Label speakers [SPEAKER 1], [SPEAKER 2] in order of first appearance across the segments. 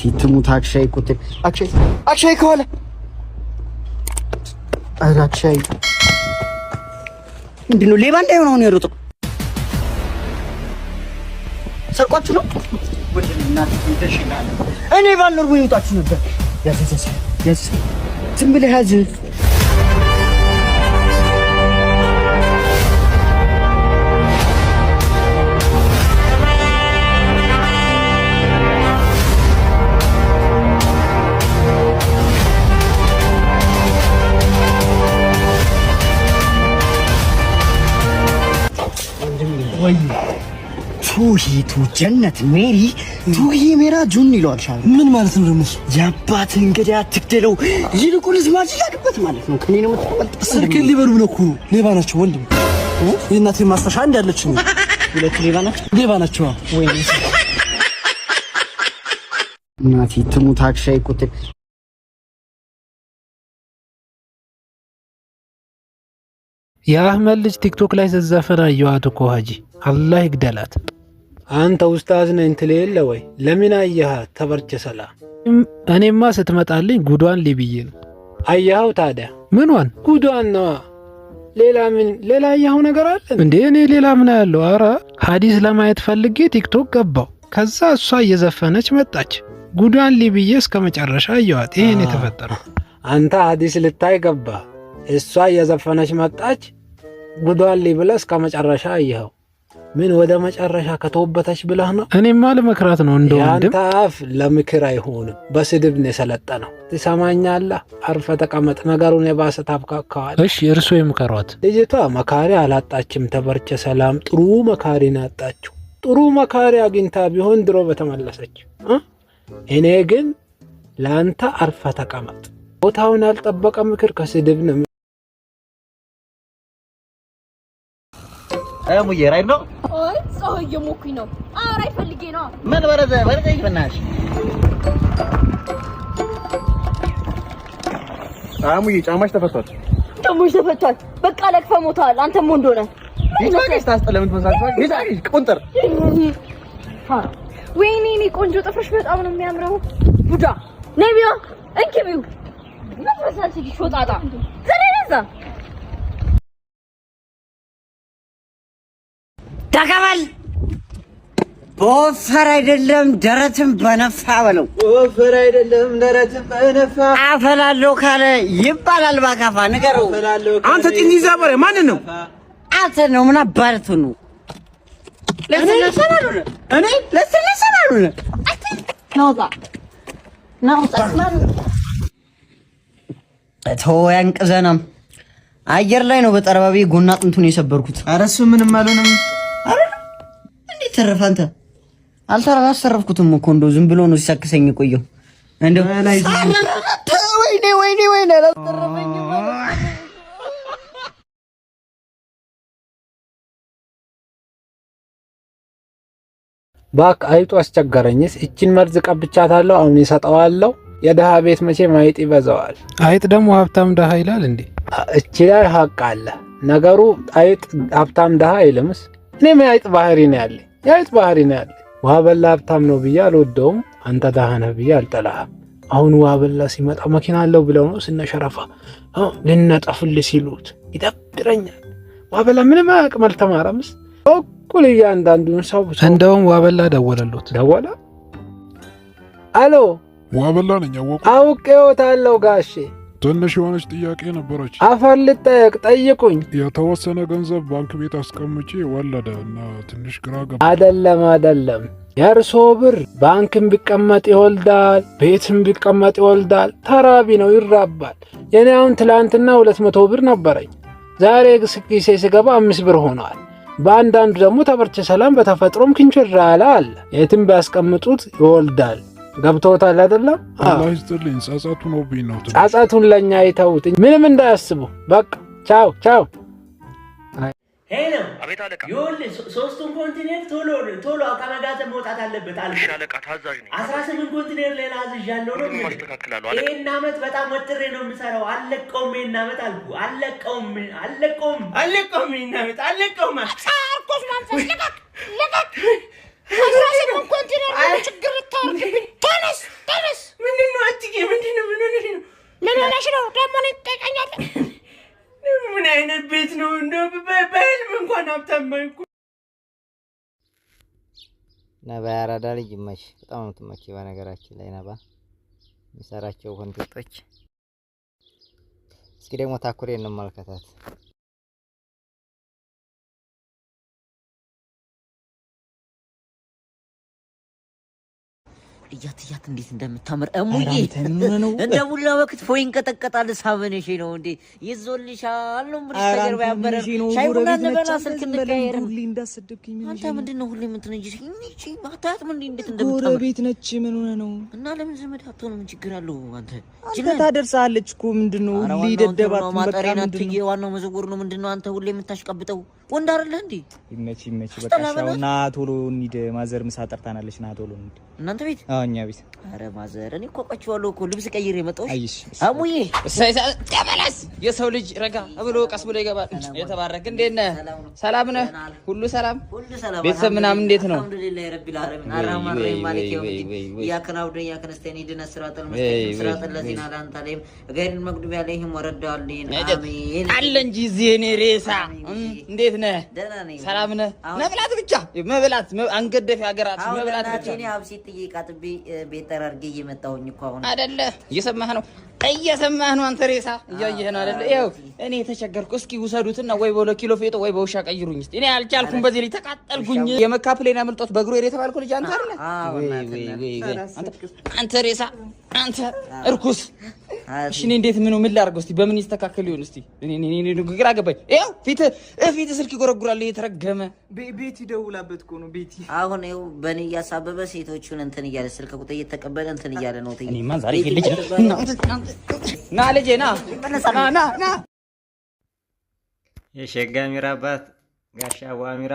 [SPEAKER 1] እናቴ ትሙት። አክሻይ ቁጥ አክሻይ፣ አክሻይ ከኋላ ኧረ አክሻይ ምንድን ነው? ሌባ እንዳይሆን አሁን የሮጠው ሰርቋችሁ ነው። እኔ ባልኖር ወይ ይውጣችሁ ነበር። ያዝ ዝም ብለህ ያዝ ወይ ቱሂ ቱ ጀነት ሜሪ ቱሂ ሜራ ጁን ይለዋል። ሻል ምን ማለት ነው ደግሞ? የአባትህ እንግዲህ አትግደለው፣ ይልቁንስ ማጅላድበት ማለት ነው። ከኔ ነው የምትቆልጥ። ስልክህን ሊበሉ ነው እኮ ሌባ ናቸው ወንድም። የእናቴን ማስታወሻ አንድ ያለች ነው። ሁለት ሌባ ናቸው፣ ሌባ ናቸው። ወይ እናቴ ትሙት አክሻይ ቁጥር
[SPEAKER 2] የአህመድ ልጅ ቲክቶክ ላይ ስትዘፍን አየኋት እኮ ሀጂ፣ አላህ ይግደላት።
[SPEAKER 3] አንተ ኡስታዝ ነኝ ትል የለ ወይ? ለምን አየሃት? ተበርቸ ሰላም።
[SPEAKER 2] እኔማ ስትመጣልኝ ጉዷን ሊብዬ ነው።
[SPEAKER 3] አየኸው ታዲያ? ምኗን? ጉዷን ነዋ። ሌላ ምን ሌላ አየኸው ነገር አለ
[SPEAKER 2] እንዴ? እኔ ሌላ ምን ያለው? አረ ሀዲስ ለማየት ፈልጌ ቲክቶክ ገባው። ከዛ እሷ እየዘፈነች መጣች። ጉዷን ሊብዬ እስከ መጨረሻ አየኋት። ይሄን የተፈጠረው
[SPEAKER 3] አንተ ሀዲስ ልታይ ገባ እሷ እየዘፈነች መጣች። ጉዷን ብለ እስከ መጨረሻ ይኸው ምን ወደ መጨረሻ ከተወበተች ብለህ ነው።
[SPEAKER 2] እኔማ ልመክራት ነው። እንደ ወንድም
[SPEAKER 3] አፍ ለምክር አይሆንም፣ በስድብ ነው የሰለጠነው። ትሰማኛለህ? አርፈ ተቀመጥ። ነገሩን የባሰ ታብካከዋል።
[SPEAKER 2] እሺ እርስዎ ይምከሯት።
[SPEAKER 3] ልጅቷ መካሪ አላጣችም። ተበርቸ ሰላም ጥሩ መካሪ ናጣችው። ጥሩ መካሪ አግኝታ ቢሆን ድሮ በተመለሰች። እኔ ግን ለአንተ አርፈ ተቀመጥ። ቦታውን ያልጠበቀ ምክር ከስድብ ነው።
[SPEAKER 4] እሙዬ ራይድ ነው።
[SPEAKER 5] አይ ፀሐይ እየሞኩኝ ነው። አዎ ራይድ ፈልጌ ነው።
[SPEAKER 4] ምን በረዘ በረዘ ይፈናሽ አሙዬ ጫማሽ ተፈቷል።
[SPEAKER 5] ጫማሽ ተፈቷል። በቃ ለቅፈ ሞታል። አንተም ወንድ
[SPEAKER 4] ይዛሪ ቁንጥር።
[SPEAKER 5] ወይኔ እኔ ቆንጆ ጥፍርሽ በጣም ነው የሚያምረው። ቡዳ ነይ እንኪ ቢው
[SPEAKER 6] ተቀበል። በወፈር አይደለም ደረትም በነፋ በለው። በወፈር አይደለም ደረትም በነፋ አፈላለሁ ካለ ይባላል ባካፋ ንገረው።
[SPEAKER 4] አንተ ጢን ይዛ በሬ ማንን ነው?
[SPEAKER 6] አንተ ነው ምን አባልቱ ነው? እኔ ለስለሰና ነው
[SPEAKER 5] ነውጣ ነውጣ
[SPEAKER 6] ተወው፣ ያንቅዘናም አየር ላይ ነው በጠረባቢ ጎና አጥንቱን የሰበርኩት።
[SPEAKER 4] ኧረ እሱ ምንም አልሆነም።
[SPEAKER 6] አስተረፍ አንተ አልታራ አስተረፍኩትም እኮ እንደው ዝም ብሎ ነው ሲሳክሰኝ ቆየው። እንደው ወይኔ ወይኔ ወይኔ አላስተረፈኝ
[SPEAKER 3] ባክ አይጡ አስቸገረኝስ። እችን መርዝ ቀብቻታለሁ። አሁን ይሰጠዋለሁ። የድሃ ቤት መቼም አይጥ ይበዛዋል።
[SPEAKER 2] አይጥ ደግሞ ሀብታም ድሃ ይላል እንዴ?
[SPEAKER 3] እቺ ላይ ሀቅ አለ ነገሩ። አይጥ ሀብታም ድሃ አይልምስ። እኔም የአይጥ ባህሪ ነው ያለኝ የአይጥ ባህሪ ነው ያለ። ውሃ በላ ሀብታም ነው ብዬ አልወደውም፣ አንተ ደሃ ነህ ብዬ አልጠላህም። አሁን ውሃ በላ ሲመጣ መኪና አለው ብለው ነው ስነሸረፋ ልነጠፍል ሲሉት ይደብረኛል። ውሃ በላ ምንም አያውቅም አልተማረምስ። በኩል እያንዳንዱን ሰው
[SPEAKER 2] እንደውም ውሃ በላ ደወለሉት።
[SPEAKER 3] ደወለ አሎ ውሃ በላ ነኝ አውቄዎታለሁ ጋሼ
[SPEAKER 2] ትንሽ የሆነች ጥያቄ ነበረች።
[SPEAKER 3] አፈር ልጠየቅ ጠይቁኝ።
[SPEAKER 2] የተወሰነ ገንዘብ ባንክ ቤት አስቀምጪ ወለደ እና ትንሽ ግራ
[SPEAKER 3] ገባ። አደለም አደለም፣ የእርሶ ብር ባንክም ቢቀመጥ ይወልዳል፣ ቤትም ቢቀመጥ ይወልዳል። ተራቢ ነው ይራባል። የኔ አሁን ትላንትና ሁለት መቶ ብር ነበረኝ። ዛሬ ግስጊሴ ስገባ አምስት ብር ሆኗል። በአንዳንዱ ደግሞ ተበርቸ ሰላም በተፈጥሮም ያለ አለ። የትም ቢያስቀምጡት ይወልዳል። ገብቶታል አይደለም?
[SPEAKER 2] ጻጻቱን ኦብኝ ነው
[SPEAKER 3] ለእኛ ይተውት፣ ምንም እንዳያስቡ። በቃ ቻው ቻው።
[SPEAKER 6] ይኸውልህ ኮንቲኔር ቶሎ ቶሎ መውጣት አለበት። አስራ ስምንት ኮንቲኔር ሌላ አዝዣለሁ ነው ይሄን በጣም ወጥሬ ነው የምሰራው። አለቀውም፣ አለቀውም፣
[SPEAKER 3] አለቀውም፣ አለቀውም፣ አለቀውም። ምን አይነት ቤት ነው? እንደው በህልም እንኳን አብታማኝ እኮ
[SPEAKER 7] ነባ ያራዳ ልጅ መች በጣም ነው ትመቼ። በነገራችን ላይ ነባ የሚሰራቸው ኮንቴንቶች እስኪ ደግሞ ታኩሬ እንመልከታት።
[SPEAKER 8] እያት እያት እንዴት እንደምታምር እሙዬ እንደ ቡላ ወቅት ፎይ እንቀጠቀጣል። ሳበነሽ ነው እንዴ ይዞልሻል። ተጀርባ ያበረ ሻይ ቡና እንበላ፣ ስልክ አንተ ምንድን ነው ሁሌ ምን እንዴት
[SPEAKER 9] ነች። ምን ሆነ ነው
[SPEAKER 8] እና ለምን ዘመድ አትሆን? ችግር አለው? አንተ ታደርሳለች እኮ ምንድን ነው ሁሌ ደደባት። ዋናው መዘጎር ነው። ምንድን ነው አንተ ሁሌ የምታሽቀብጠው? ወንድ አይደለ እንዴ?
[SPEAKER 9] ይመች ይመች። በቃ ሻው ና ቶሎ እንሂድ። ማዘር ምሳ ጠርታናለች። ና ቶሎ እንሂድ እናንተ ቤት ነው እኛ ቤት።
[SPEAKER 8] ኧረ ማዘር እኔ እኮ ቆይቼዋለሁ እኮ ልብስ ቀይሬ መጣሁ። አሙዬ ተመለስ። የሰው ልጅ ረጋ ብሎ ቀስ ብሎ ይገባል። የተባረክ እንዴት ነህ? ሰላም ነህ? ሁሉ ሰላም፣ ቤተሰብ ምናምን እንዴት ነው? አለ እንጂ እዚህ የእኔ ሬሳ። እንዴት ነህ? ሰላም ነህ? መብላት ብቻ መብላት፣ አንገደፊ ሀገራት መብላት ብቻ ቤት ጠራርጌ እየመጣሁኝ እኮ አሁን አይደለ? እየሰማህ ነው፣ እየሰማህ ነው። አንተ ሬሳ እያየህ ነው አይደለ? ይኸው እኔ የተቸገርኩ። እስኪ ውሰዱትና ወይ በሁለት ኪሎ ፌጦ ወይ በውሻ ቀይሩኝ። እስኪ እኔ አልቻልኩም፣ በዚህ ላይ ተቃጠልኩኝ። የመካ ፕሌን አመልጦት በእግሩ ሄደ የተባልኩ ልጅ አንተ አይደለ? አንተ ሬሳ፣ አንተ እርኩስ እሺ እኔ እንዴት ምን ምን ላድርገው? እስቲ በምን ይስተካከል ይሆን? እስቲ እኔ እኔ እኔ ግራ ገባኝ። ይኸው ፊት ፊት ስልክ ይጎረጉራል። የተረገመ
[SPEAKER 10] ቤቲ ደውላበት እኮ ነው ቤቲ።
[SPEAKER 8] አሁን ይኸው በእኔ እያሳበበ ሴቶቹን እንትን እያለ ስልክ ቁጥር እየተቀበለ እንትን እያለ ነው። እኔማ ዛሬ ልጅ ና ልጄ ና ና ና
[SPEAKER 7] የሸጋ ሚራ አባት ጋሻ አቡ አሚራ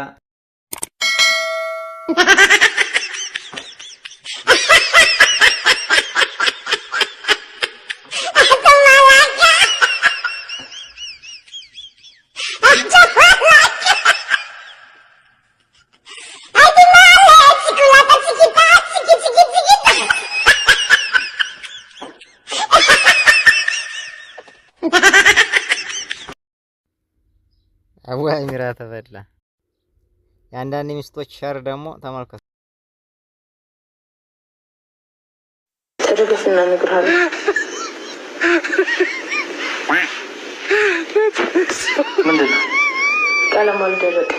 [SPEAKER 7] ወይ ሚራ ተበላ። የአንዳንድ ሚስቶች ሸር ደግሞ ተመልከቱ።
[SPEAKER 11] ተደገፍና እነግርሃለሁ። ምንድን ነው ቀለማ አልደረቀ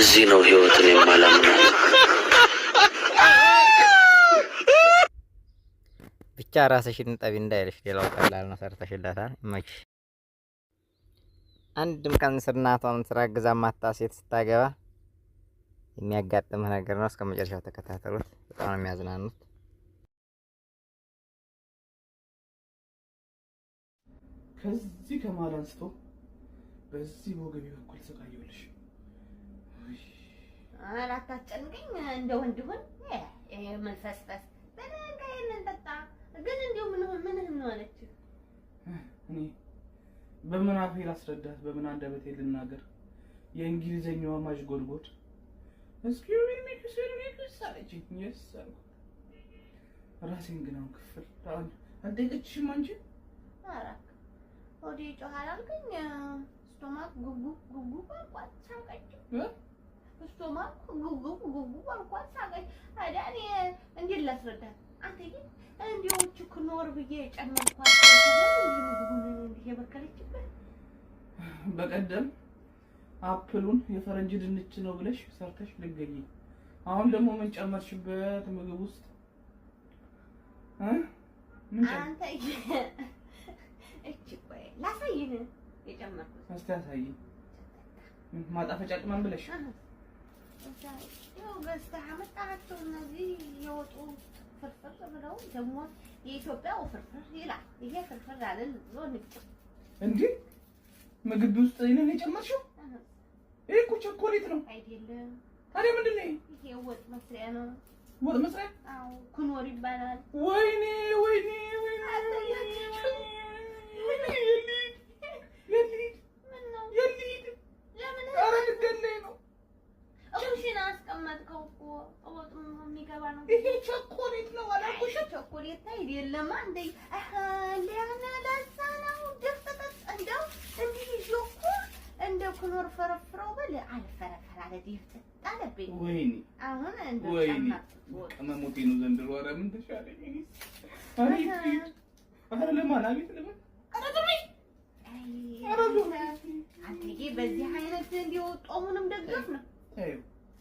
[SPEAKER 11] እዚህ ነው ህይወትን የማላምነው።
[SPEAKER 7] ብቻ ራስሽን ጠቢ እንዳይልሽ። ሌላው ቀላል ነው። ሰርተሽላታል። ይመችሽ። አንድም ቀን ስር እናቷን ስራ ግዛ ማታ ሴት ስታገባ የሚያጋጥምህ ነገር ነው። እስከ መጨረሻው ተከታተሉት። በጣም ነው የሚያዝናኑት።
[SPEAKER 12] ከዚህ ከመሀል አንስቶ በዚህ በወገቤ በኩል ሰቃየሁልሽ።
[SPEAKER 13] ኧረ አታጨንቀኝ፣ እንደ ወንድ ሁን። መልፈስፈስ በደንብ ይሄንን በቃ ግን እንዲሁ ምን ነው ሆነች
[SPEAKER 12] እኔ በምን አፌ ላስረዳት? በምን አንደበቴ ልናገር? የእንግሊዘኛዋ ማሽጎድጎድ እስኪ ራሴን ግን አሁን ክፍል አልጠየቀችሽም አንቺ
[SPEAKER 13] ወደ ጮኋል አልከኝ። ስቶማክ ጉጉ ጉጉብ አልኳት ሳቀች። ስቶማክ ጉጉ ጉጉብ አልኳት ሳቀች። ታዲያ እኔ እንዴት ላስረዳት? አንተ ግን ክኖር ብዬ ጨመርኳት የበከለችበት
[SPEAKER 12] በቀደም አፕሉን የፈረንጅ ድንች ነው ብለሽ ሰርተሽ ልገኝ። አሁን ደግሞ ምን ጨመርሽበት ምግብ ውስጥ?
[SPEAKER 13] አንተ እቺ ቆይ ላሳይህ የጨመርኩት።
[SPEAKER 12] እስቲ አሳይኝ። ማጣፈጫ ቅመም ብለሽ
[SPEAKER 13] ገዝተህ አመጣሃቸው እነዚህ የወጡ ፍርፍር ብለው ደግሞ የኢትዮጵያው ፍርፍር ይላል። ይሄ ፍርፍር አይደል ብሎ ንጭም
[SPEAKER 12] እንደ ምግብ ውስጥ ይሄንን የጨመርሽው? ይሄ እኮ ቸኮሌት ነው አይደለም? ታዲያ ምንድን ነው ይሄ?
[SPEAKER 13] ወጥ መስሪያ ነው።
[SPEAKER 12] ወጥ መስሪያ? አዎ፣
[SPEAKER 13] ክኖር ይባላል።
[SPEAKER 12] ወይኔ ወይኔ ወይኔ
[SPEAKER 13] ያስቀመጥከው እኮ እወጡ የሚገባ ነው።
[SPEAKER 12] ይሄ ቸኮሌት ነው አላልኩሽ?
[SPEAKER 13] ቸኮሌት አይደለም። እንደ ለምን ለዛ ነው ደፍጠጠጥ እንደው እንዲህ ይዞ እኮ እንደ ክኖር ፈረፍረው በል አልፈረፈር አለ ደፍጠጥ
[SPEAKER 12] አለብኝ። ወይኔ አሁን እንደው ወይኔ ቅመሞቴ ነው ዘንድሮ። ኧረ ምን ተሻለኝ? ኧረ ለማን አቤት ለማን! ኧረ
[SPEAKER 13] በዚህ አይነት እንዲወጡ አሁንም ደገፍ ነው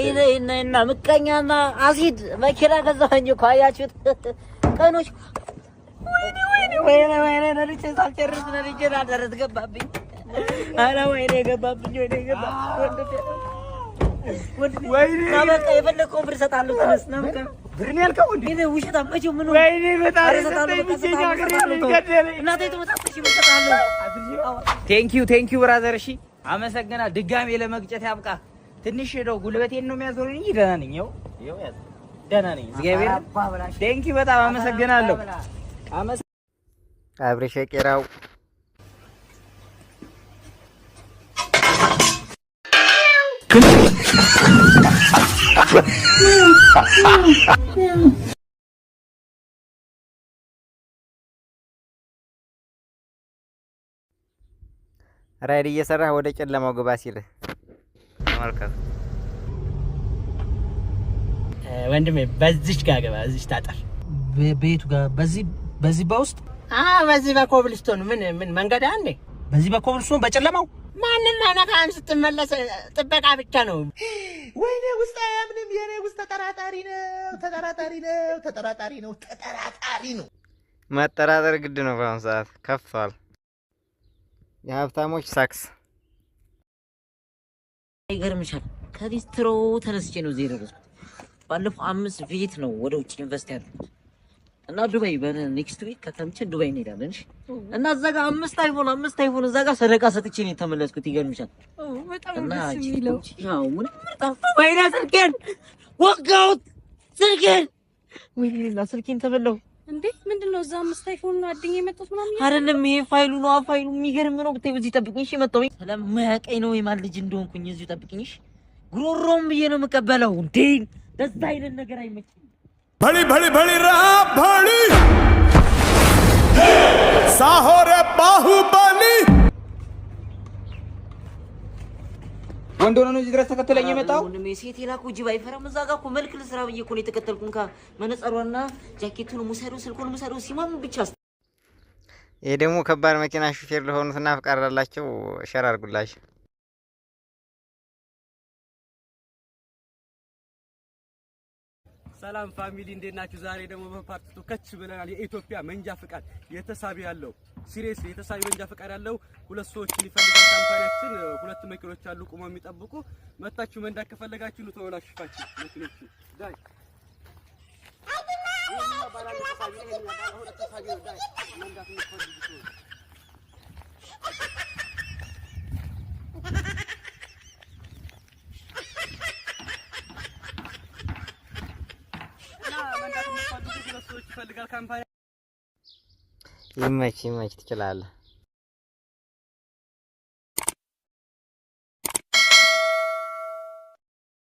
[SPEAKER 8] እና ምቀኛና አሲድ መኪና ገዛሁኝ እኮ አያችሁት? ቀኖች ወይኔ ወይኔ ወይኔ ወይኔ ነድቼ ሳልጨርስ ነድቼ ናደረስ ገባብኝ። ኧረ ወይኔ ገባብኝ። ወይኔ ገባብኝ። የፈለግከውን ብር እሰጥሃለሁ። ተነስ ና
[SPEAKER 14] ብር ነው ያልከው እንዴ? እኔ ውሸታ መቼ ምን ነው?
[SPEAKER 12] ወይኔ በጣም ሰጣለሁ። እናቴ ተመጣጣሽ
[SPEAKER 15] ይመጣለሁ። ቴንኪዩ ቴንኪዩ ብራዘር። እሺ አመሰግናለሁ። ድጋሜ ለመግጨት ያብቃ። ትንሽ ሄደው ጉልበቴን ነው የሚያዞረኝ እንጂ ደህና ነኝ። ይኸው ይኸው ያዝ ደህና ነኝ። እግዚአብሔር ቴንኪ በጣም አመሰግናለሁ።
[SPEAKER 7] አብሬ ሸቄራው ራይድ እየሰራህ ወደ ጨለማው ግባ ሲልህ ተመልከቱ።
[SPEAKER 16] ወንድሜ በዚች ጋር ገባ። እዚች ታጠር
[SPEAKER 17] ቤቱ ጋር በዚህ በዚህ በውስጥ
[SPEAKER 16] በዚህ በኮብልስቶን ምን ምን መንገድ አንዴ
[SPEAKER 17] በዚህ በኮብልስቶን በጨለማው
[SPEAKER 16] ማንም አይነካም። ስትመለስ ጥበቃ ብቻ ነው። ወይኔ ውስጥ አያምንም። የኔ ውስጥ ተጠራጣሪ ነው፣ ተጠራጣሪ ነው፣ ተጠራጣሪ ነው፣ ተጠራጣሪ ነው።
[SPEAKER 7] መጠራጠር ግድ ነው። በአሁኑ ሰዓት ከፍቷል። የሀብታሞች ሳክስ
[SPEAKER 18] ይገርምሻል፣ ከሊስትሮ ተነስቼ ነው እዚህ የደረስኩት። ባለፈው አምስት ቪት ነው ወደ ውጭ ኢንቨስት ያደርጉት እና ዱባይ በኔክስት ዊክ ከተምችን ዱባይ እንሄዳለን። እና እዛ ጋር አምስት አይፎን አምስት አይፎን እዛ ጋር ሰደቃ ሰጥቼ ነው የተመለስኩት። ይገርምሻል። ስልኬን ወጋሁት። ስልኬን ወይኔ፣ ስልኬን ተበላሁ። እንዴ ምንድነው? እዛ አምስት አይፎን ነው አድኝ የመጣሁት ምናምን አይደለም። ይሄ ፋይሉ ነው ፋይሉ የሚገርም ነው ብታይ። በዚህ ጠብቅኝ። እሺ መጣሁ። ስለማያውቀኝ ነው የማን ልጅ እንደሆንኩኝ እዚሁ ጠብቅኝ። እሺ ጉሮሮም ብዬ ነው የምቀበለው። እንዴ ለዛ አይነት ነገር አይመችም።
[SPEAKER 19] በሊ በሊ በሊ ራ በሊ ሳሆረ ባሁ በሊ
[SPEAKER 20] ወንድ ሆነ ነው እዚህ ድረስ ተከተለኝ የመጣው
[SPEAKER 18] ወንድሜ። ሴት የላኩ እጅ ባይፈራም እዛ ጋር እኮ መልክ ልስራ ብዬ እኮ ነው የተከተልኩን። መነጸሯና ጃኬቱን ሙሰዱ፣ ስልኩን ሙሰዱ፣ ሲማም ብቻ።
[SPEAKER 7] ይሄ ደግሞ ከባድ መኪና ሹፌር ለሆኑትና ፍቃድ ላላቸው ሸር አርጉላቸው።
[SPEAKER 21] ሰላም ፋሚሊ እንዴት ናችሁ? ዛሬ ደግሞ በፓርት ከች ብለናል። የኢትዮጵያ መንጃ ፍቃድ የተሳቢ ያለው ሲሪየስ የተሳቢ መንጃ ፍቃድ ያለው ሁለት ሰዎች ሊፈልጋ ካምፓኒያችን። ሁለት መኪኖች አሉ ቁመው የሚጠብቁ መታችሁ መንዳት ከፈለጋችሁ ነው ተወላሽፋችሁ መኪኖቹ ዳይ
[SPEAKER 22] ባላ ተሳቢ ነው ባላ ሁለት ነው ዳይ መንዳት ነው
[SPEAKER 7] ይመች ይመች ትችላለህ።